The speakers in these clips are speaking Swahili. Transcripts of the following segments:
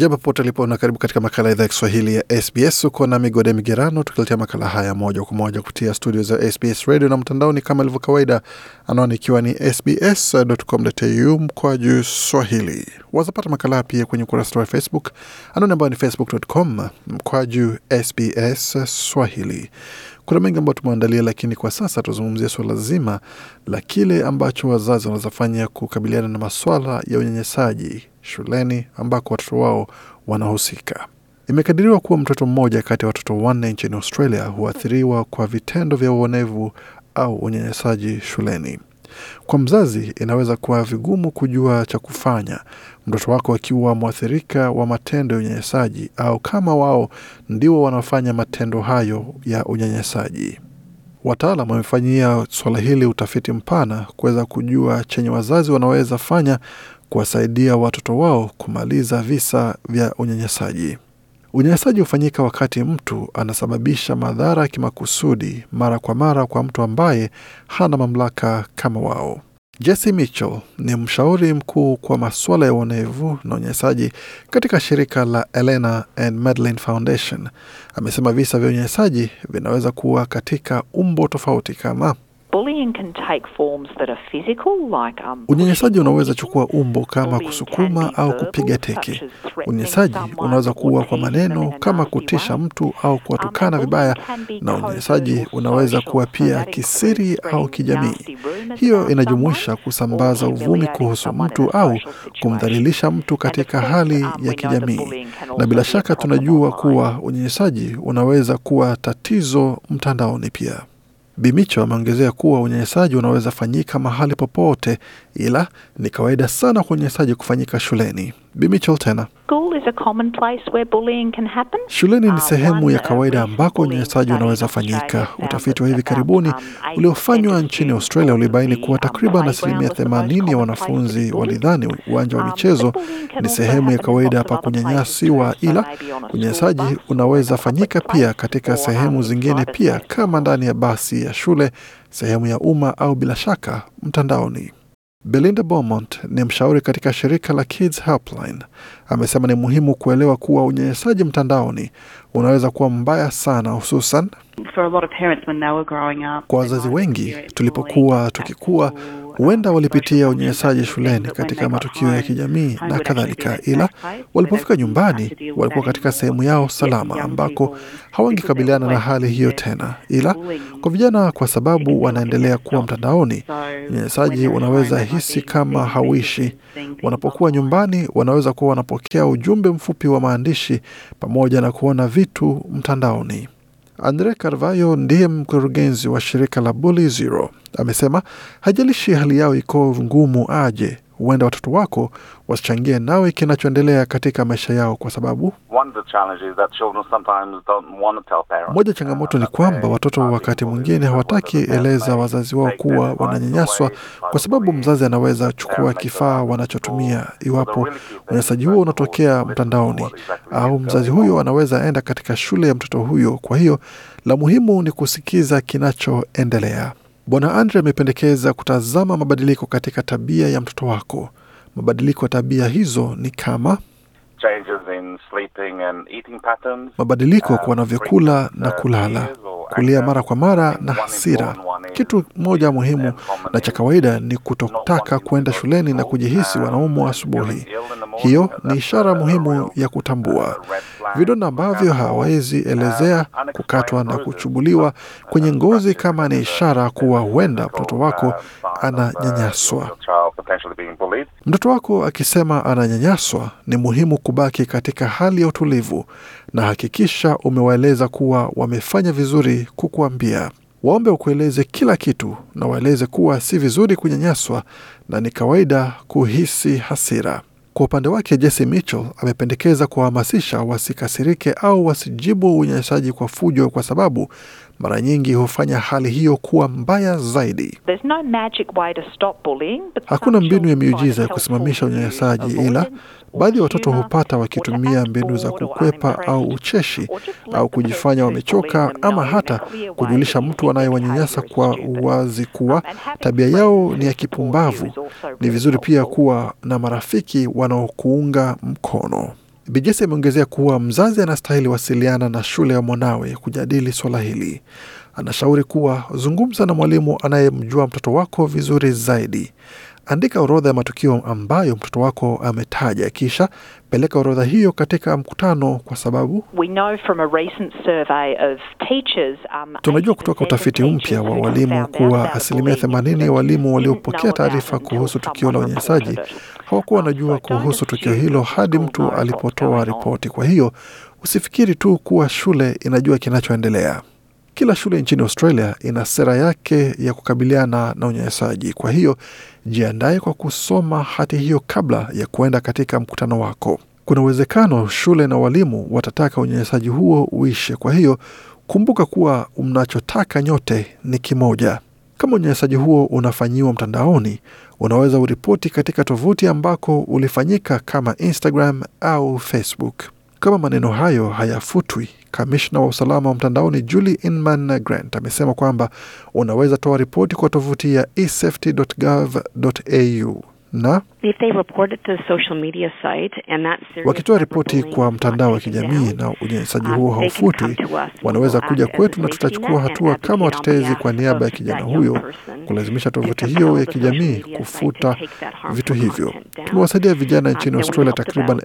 Jambo popote ulipo na karibu katika makala idhaa ya Kiswahili ya SBS. Uko na Migode Migerano tukiletea makala haya moja kwa moja kupitia studio za SBS radio na mtandaoni kama ilivyo kawaida, anwani ikiwa ni sbs.com.au mkwa juu swahili. Wazapata makala pia kwenye ukurasa wa Facebook, anwani ambayo ni facebook.com mkwa juu SBS swahili. Kuna mengi ambayo tumeandalia, lakini kwa sasa tuzungumzia suala zima la kile ambacho wazazi wanaweza fanya kukabiliana na maswala ya unyanyasaji shuleni ambako watoto wao wanahusika. Imekadiriwa kuwa mtoto mmoja kati ya watoto wanne nchini Australia huathiriwa kwa vitendo vya uonevu au unyanyasaji shuleni. Kwa mzazi, inaweza kuwa vigumu kujua cha kufanya, mtoto wako akiwa mwathirika wa matendo ya unyanyasaji au kama wao ndio wanaofanya matendo hayo ya unyanyasaji. Wataalam wamefanyia suala hili utafiti mpana kuweza kujua chenye wazazi wanaweza fanya kuwasaidia watoto wao kumaliza visa vya unyanyasaji. Unyanyasaji hufanyika wakati mtu anasababisha madhara kimakusudi mara kwa mara kwa mtu ambaye hana mamlaka kama wao. Jesse Mitchell ni mshauri mkuu kwa masuala ya uonevu na unyanyasaji katika shirika la Elena and Madeline Foundation. Amesema visa vya unyanyasaji vinaweza kuwa katika umbo tofauti kama Um, unyanyasaji unaweza chukua umbo kama kusukuma au kupiga teke. Unyanyasaji unaweza kuwa kwa maneno kama kutisha mtu au um, kuwatukana vibaya, na unyanyasaji unaweza kuwa pia kisiri au kijamii. Hiyo inajumuisha kusambaza uvumi kuhusu mtu au kumdhalilisha mtu katika hali um, ya kijamii, na bila shaka tunajua kuwa unyanyasaji unaweza kuwa tatizo mtandaoni pia. Bimicho ameongezea kuwa unyanyasaji unaweza fanyika mahali popote, ila ni kawaida sana kwa unyanyasaji kufanyika shuleni. Bi Mitchell tena, shuleni ni uh, sehemu ya kawaida ambako unyanyasaji unaweza fanyika. Utafiti wa hivi karibuni um, uliofanywa nchini Australia ulibaini kuwa um, takriban asilimia themanini ya wanafunzi walidhani uwanja wa um, michezo ni sehemu ya kawaida pa kunyanyasiwa, ila unyanyasaji unaweza fanyika pia katika sehemu zingine, pia kama ndani ya basi ya shule, sehemu ya umma, au bila shaka mtandaoni. Belinda Beaumont ni mshauri katika shirika la Kids Helpline, amesema ni muhimu kuelewa kuwa unyanyasaji mtandaoni unaweza kuwa mbaya sana, hususan kwa wazazi wengi. Tulipokuwa tukikuwa Huenda walipitia unyanyasaji shuleni, katika matukio ya kijamii na kadhalika, ila walipofika nyumbani walikuwa katika sehemu yao salama, ambako hawangekabiliana na hali hiyo tena. Ila kwa vijana, kwa sababu wanaendelea kuwa mtandaoni, unyanyasaji unaweza hisi kama hauishi. Wanapokuwa nyumbani, wanaweza kuwa wanapokea ujumbe mfupi wa maandishi pamoja na kuona vitu mtandaoni. Andre Carvayo ndiye mkurugenzi wa shirika la Bully Zero. Amesema hajalishi hali yao iko ngumu aje, huenda watoto wako wasichangie nawe kinachoendelea katika maisha yao, kwa sababu moja changamoto ni uh, kwamba watoto wakati mwingine hawataki eleza wazazi wao kuwa wananyanyaswa, kwa sababu mzazi anaweza chukua kifaa wanachotumia iwapo unyanyasaji huo unatokea mtandaoni, au mzazi huyo anaweza enda katika shule ya mtoto huyo. Kwa hiyo la muhimu ni kusikiza kinachoendelea. Bwana Andre amependekeza kutazama mabadiliko katika tabia ya mtoto wako. Mabadiliko ya tabia hizo ni kama mabadiliko kuwa uh, na vyakula na kulala, kulia mara kwa mara na hasira. Kitu moja muhimu na cha kawaida ni kutotaka kuenda shuleni na kujihisi uh, wanaumwa asubuhi. Uh, Hiyo ni ishara muhimu ya kutambua vidonda ambavyo hawawezi elezea, kukatwa na kuchubuliwa kwenye ngozi, kama ni ishara kuwa huenda mtoto wako ananyanyaswa. Mtoto wako akisema ananyanyaswa, ni muhimu kubaki katika hali ya utulivu na hakikisha umewaeleza kuwa wamefanya vizuri kukuambia. Waombe wakueleze kila kitu na waeleze kuwa si vizuri kunyanyaswa na ni kawaida kuhisi hasira. Kwa upande wake Jesse Mitchell amependekeza kuwahamasisha wasikasirike au wasijibu unyanyasaji kwa fujo, kwa sababu mara nyingi hufanya hali hiyo kuwa mbaya zaidi. No bullying, hakuna mbinu ya miujiza ya kusimamisha unyanyasaji, ila baadhi ya watoto hupata wakitumia mbinu za kukwepa au ucheshi au kujifanya wamechoka, ama hata kujulisha mtu anayewanyanyasa kwa uwazi kuwa um, tabia yao ni ya kipumbavu. Ni vizuri pia kuwa na marafiki wanaokuunga mkono. Bijesi ameongezea kuwa mzazi anastahili wasiliana na shule ya mwanawe kujadili swala hili. Anashauri kuwa zungumza na mwalimu anayemjua mtoto wako vizuri zaidi. Andika orodha ya matukio ambayo mtoto wako ametaja, kisha peleka orodha hiyo katika mkutano, kwa sababu um, tunajua kutoka utafiti mpya wa walimu kuwa asilimia themanini ya walimu waliopokea taarifa kuhusu tukio la unyanyasaji hawakuwa wanajua kuhusu tukio hilo hadi mtu alipotoa ripoti. Kwa hiyo usifikiri tu kuwa shule inajua kinachoendelea. Kila shule nchini Australia ina sera yake ya kukabiliana na unyanyasaji, kwa hiyo jiandaye kwa kusoma hati hiyo kabla ya kuenda katika mkutano wako. Kuna uwezekano shule na walimu watataka unyanyasaji huo uishe, kwa hiyo kumbuka kuwa mnachotaka nyote ni kimoja. Kama unyanyasaji huo unafanyiwa mtandaoni, unaweza uripoti katika tovuti ambako ulifanyika kama Instagram au Facebook. Kama maneno hayo hayafutwi, Kamishna wa usalama wa mtandaoni Julie Inman Grant amesema kwamba unaweza toa ripoti kwa tovuti ya esafety.gov.au na wakitoa ripoti kwa mtandao wa kijamii na unyanyasaji um, huo haufuti, wanaweza kuja kwetu na tutachukua hatua kama watetezi kwa niaba ya kijana huyo kulazimisha tovuti hiyo ya kijamii kufuta vitu hivyo. Tumewasaidia vijana um, nchini Australia takriban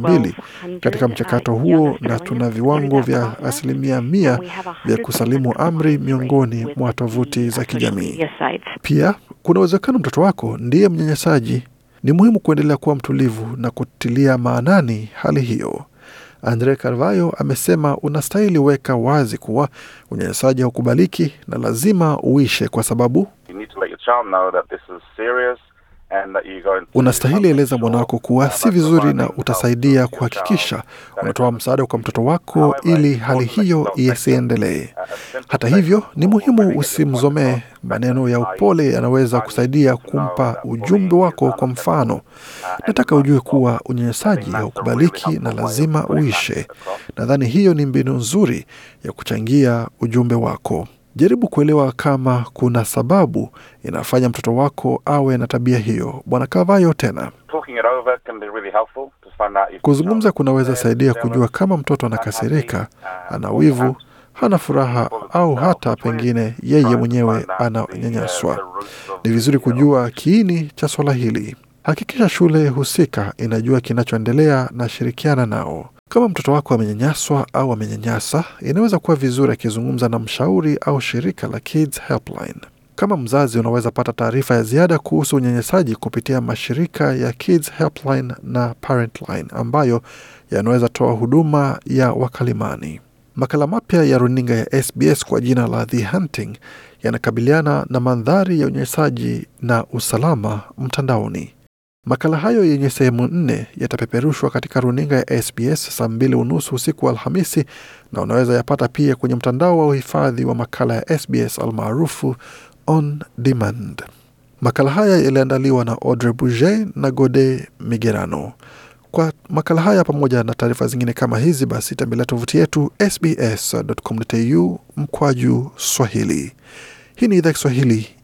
mbili katika mchakato huo, na tuna viwango vya asilimia mia vya kusalimu amri miongoni mwa tovuti za kijamii. Pia kuna uwezekano mtoto wako ndiye mnyanyasaji. Ni muhimu kuendelea kuwa mtulivu na kutilia maanani hali hiyo. Andre Carvayo amesema unastahili weka wazi kuwa unyanyasaji haukubaliki na lazima uishe, kwa sababu Unastahili eleza mwanawako kuwa si vizuri, na utasaidia kuhakikisha unatoa msaada kwa mtoto wako ili hali hiyo isiendelee. Hata hivyo, ni muhimu usimzomee. Maneno ya upole yanaweza kusaidia kumpa ujumbe wako. Kwa mfano, nataka ujue kuwa unyanyasaji haukubaliki na lazima uishe. Nadhani hiyo ni mbinu nzuri ya kuchangia ujumbe wako. Jaribu kuelewa kama kuna sababu inafanya mtoto wako awe na tabia hiyo. Bwana Kavayo tena kuzungumza kunaweza saidia kujua kama mtoto anakasirika, ana wivu, hana furaha, au hata pengine yeye mwenyewe ananyanyaswa. Ni vizuri kujua kiini cha swala hili. Hakikisha shule husika inajua kinachoendelea na shirikiana nao. Kama mtoto wako amenyanyaswa au amenyanyasa, inaweza kuwa vizuri akizungumza na mshauri au shirika la Kids Helpline. Kama mzazi, unaweza pata taarifa ya ziada kuhusu unyanyasaji kupitia mashirika ya Kids Helpline na Parentline ambayo yanaweza toa huduma ya wakalimani. Makala mapya ya runinga ya SBS kwa jina la The Hunting yanakabiliana na mandhari ya unyanyasaji na usalama mtandaoni. Makala hayo yenye sehemu nne yatapeperushwa katika runinga ya SBS saa mbili unusu usiku wa Alhamisi, na unaweza yapata pia kwenye mtandao wa uhifadhi wa makala ya SBS almaarufu on demand. Makala haya yaliandaliwa na Audrey Bouget na Gode Migerano. Kwa makala haya pamoja na taarifa zingine kama hizi, basi tembelea tovuti yetu sbs.com.au mkwaju Swahili. Hii ni idhaa Kiswahili